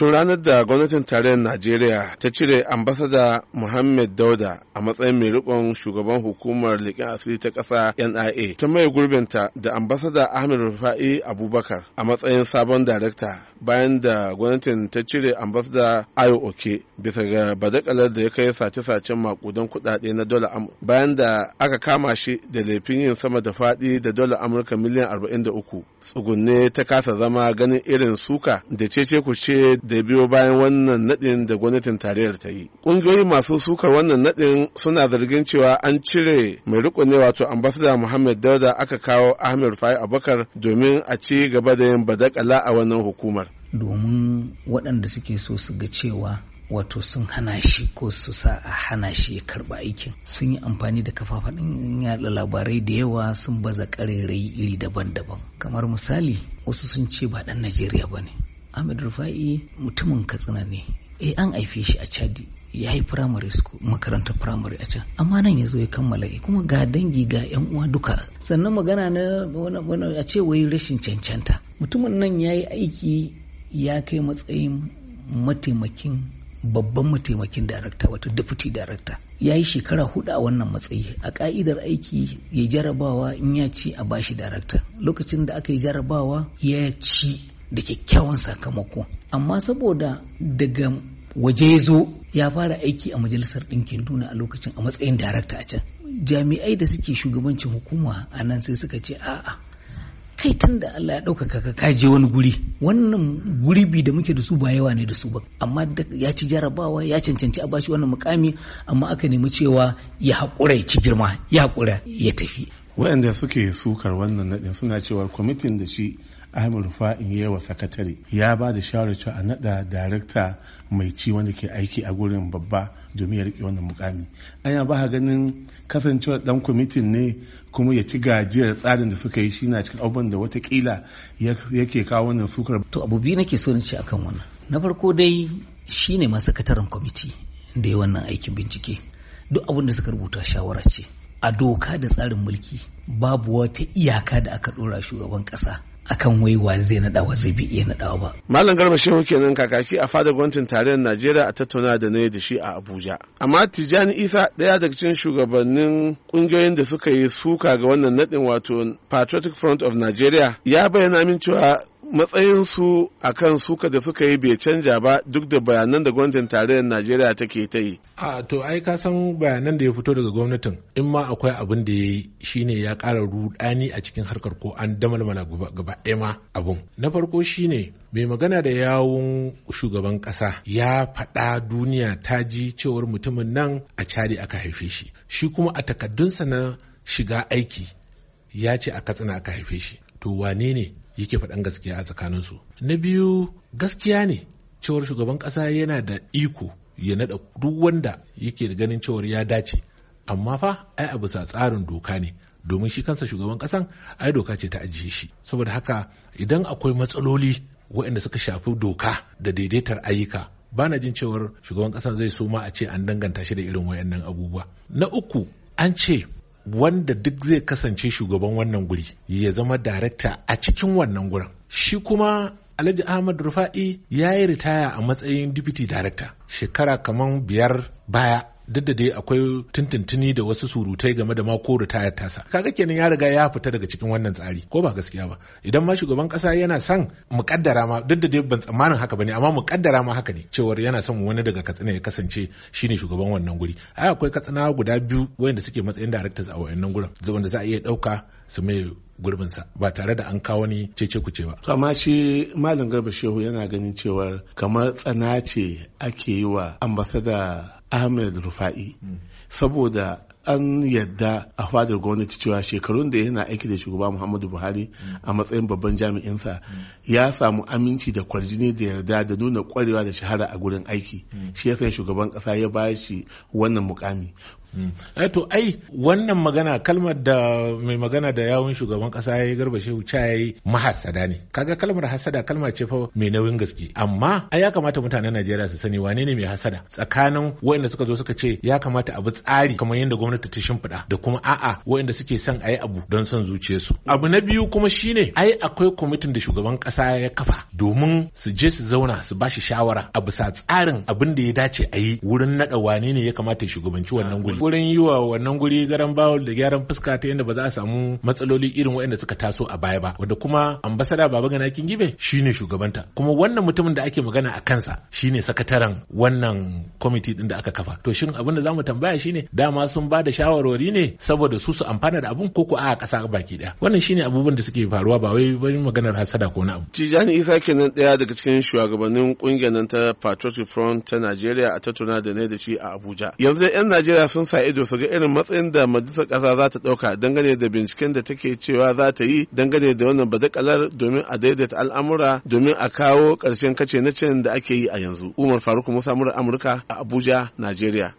tun ranar da gwamnatin tarayyar najeriya ta cire ambasada muhammad dauda a matsayin mai rikon shugaban hukumar leƙen asiri ta ƙasa nia ta mai gurbinta da ambasada ahmed rufa'i abubakar a matsayin sabon darakta bayan da gwamnatin ta cire ambasada ayo oke bisa ga badakalar da ya kai sace-sacen makudan kudade na dola amurka bayan da aka kama shi da laifin yin sama da fadi da dola amurka miliyan 43 tsugunne ta kasa zama ganin irin suka da cece ce da biyo bayan wannan nadin da gwamnatin tarayyar ta yi ƙungiyoyi masu sukar wannan nadin suna zargin cewa an cire mai rukunne wato ambasada muhammad dauda aka kawo ahmed rufai abubakar domin a ci gaba da yin badakala a wannan hukumar domin waɗanda suke so su ga cewa wato sun hana shi ko su sa a hana shi ya karɓa aikin sun yi amfani da kafafen yada labarai da yawa sun baza ƙarerai iri daban-daban kamar misali wasu sun ce ba ɗan najeriya ba ne ahmed rufa'i mutumin katsina ne eh an haife shi a chadi ya yi firamare makarantar firamare a can amma nan ya zo ya kammala eh, kuma ga dangi ga yan uwa duka sannan magana na a ce wai rashin cancanta mutumin nan ya yi aiki ya kai matsayin mataimakin babban mataimakin darakta wato deputy director. ya yi shekara hudu a wannan matsayi a ka'idar aiki ya jarabawa in ya ci a bashi darakta lokacin da aka yi jarabawa ya ci da kyakkyawan sakamako amma saboda daga waje ya zo ya fara aiki a majalisar ɗinkin duna a lokacin a matsayin darakta a can jami'ai da suke shugabancin hukuma a nan sai suka ce a'a kai tun da Allah ya ɗaukaka ka ka je wani guri wannan guribi da muke da su ba yawa ne da su ba amma ya ci jarabawa ya cancanci a bashi wannan mukami amma aka nemi cewa ya haƙura ya ci girma ya haƙura ya tafi waɗanda suke sukar wannan nadin suna cewa kwamitin da shi ahmed rufa'in yawa sakatare ya ba da shawarar cewa a nada darakta mai ci wanda ke aiki a gurin babba domin ya rike wannan mukami ana ba ganin kasancewa dan kwamitin ne kuma ya ci gajiyar tsarin da suka yi shi na cikin abubuwan da watakila yake kawo wannan sukar to abu biyu nake so ce akan wannan na farko dai shine ma sakataren kwamiti da ya wannan aikin bincike duk abin da suka rubuta shawara ce a doka da tsarin mulki babu wata iyaka da aka dora shugaban kasa akan wai wa zai naɗa wa zai bi iya nadawa ba malam garba shehu kenan kakaki a fadar gwamnatin tarayyar najeriya a tattauna da na da shi a abuja amma tijani isa ɗaya daga cikin shugabannin ƙungiyoyin da suka yi suka ga wannan nadin wato patriotic front of nigeria ya bayyana min cewa matsayinsu a kan suka da suka yi bai canja ba duk da bayanan da gwamnatin tarayyar najeriya take ta yi a to ai ka san bayanan da ya fito daga gwamnatin in ma akwai abin da ya yi shine ya ƙara rudani a cikin harkar ko an damalmala gaba ɗaya ma abun na farko shine mai magana da yawun shugaban ƙasa ya faɗa duniya ta ji cewar mutumin nan a cari aka haife shi shi kuma a takaddunsa na shiga aiki ya ce a katsina aka haife shi to wane ne yake faɗan gaskiya a tsakaninsu na biyu gaskiya ne cewar shugaban ƙasa yana da iko ya naɗa duk wanda yake da ganin cewar ya dace amma fa ai a bisa tsarin doka ne domin shi kansa shugaban ƙasan ai doka ce ta ajiye shi saboda haka idan akwai matsaloli waɗanda suka shafi doka da daidaitar ayyuka ba na jin cewar shugaban ƙasan zai so ma a ce an danganta shi da irin wayannan abubuwa na uku an ce wanda duk zai kasance shugaban wannan guri ya zama darakta a cikin wannan gurin shi kuma alhaji ahmad rufa'i ya yi ritaya a matsayin deputy director shekara kamar biyar baya duk da dai akwai tuntuntuni da wasu surutai game da mako da ritayar tasa kaga kenan ya riga ya fita daga cikin wannan tsari ko ba gaskiya ba idan ma shugaban kasa yana son kaddara ma duk da dai ban tsammanin haka bane amma kaddara ma haka ne cewar yana son wani daga katsina ya kasance shine shugaban wannan guri ai akwai katsina guda biyu wanda suke matsayin directors a wayannan gurin wanda za a iya dauka su mai gurbinsa ba tare da an kawo ni cece kuce ba. Amma shi Malam Garba Shehu yana ganin cewar kamar tsana ce ake yi wa ambasada ahmed rufa'i saboda an yadda a fadar gwamnati cewa shekarun da yana aiki da shugaba muhammadu buhari a matsayin babban jami'insa ya samu aminci da kwarjini da yarda da nuna kwarewa da shahara a gurin aiki shi ya shugaban kasa ya ba shi wannan mukami Eh, to ai wannan magana kalmar da mai magana da yawun shugaban kasa ya yi garba shehu cha yayi mahasada ne kaga kalmar hasada kalma ce fa mai nauyin gaske amma ai ya kamata mutanen Najeriya su sani wane ne mai hasada tsakanin waɗanda suka zo suka ce ya kamata abu tsari kamar yadda gwamnati ta shimfiɗa da kuma a'a waɗanda suke son a yi abu don son zuciyarsu abu na biyu kuma shine ai akwai kwamitin da shugaban kasa ya kafa domin su je su zauna su ba shi shawara a bisa tsarin abin da ya dace a yi wurin naɗa wane ne ya kamata ya shugabanci wannan guri wurin yi wa wannan guri garan bawul da gyaran fuska ta yadda ba za a samu matsaloli irin waɗanda suka taso a baya ba wanda kuma ambasada baba gana shi shine shugabanta kuma wannan mutumin da ake magana a kansa shine sakataren wannan kwamiti din da aka kafa to shin abin da za mu tambaya shine dama sun ba da shawarwari ne saboda su su amfana da abin ko ko a ƙasa baki ɗaya wannan shine abubuwan da suke faruwa ba wai maganar hasada ko na abu. kenan ɗaya daga cikin shugabannin ƙungiyar nan ta Patriotic Front ta Najeriya a tattauna da ne da shi a Abuja. Yanzu 'yan Najeriya sun sa ido su ga irin matsayin da majalisar ƙasa za ta ɗauka dangane da binciken da take cewa za ta yi dangane da wannan badakalar domin a daidaita al'amura domin a kawo ƙarshen kace na da ake yi a yanzu. Umar Faruk Musa Amurka a Abuja, Najeriya.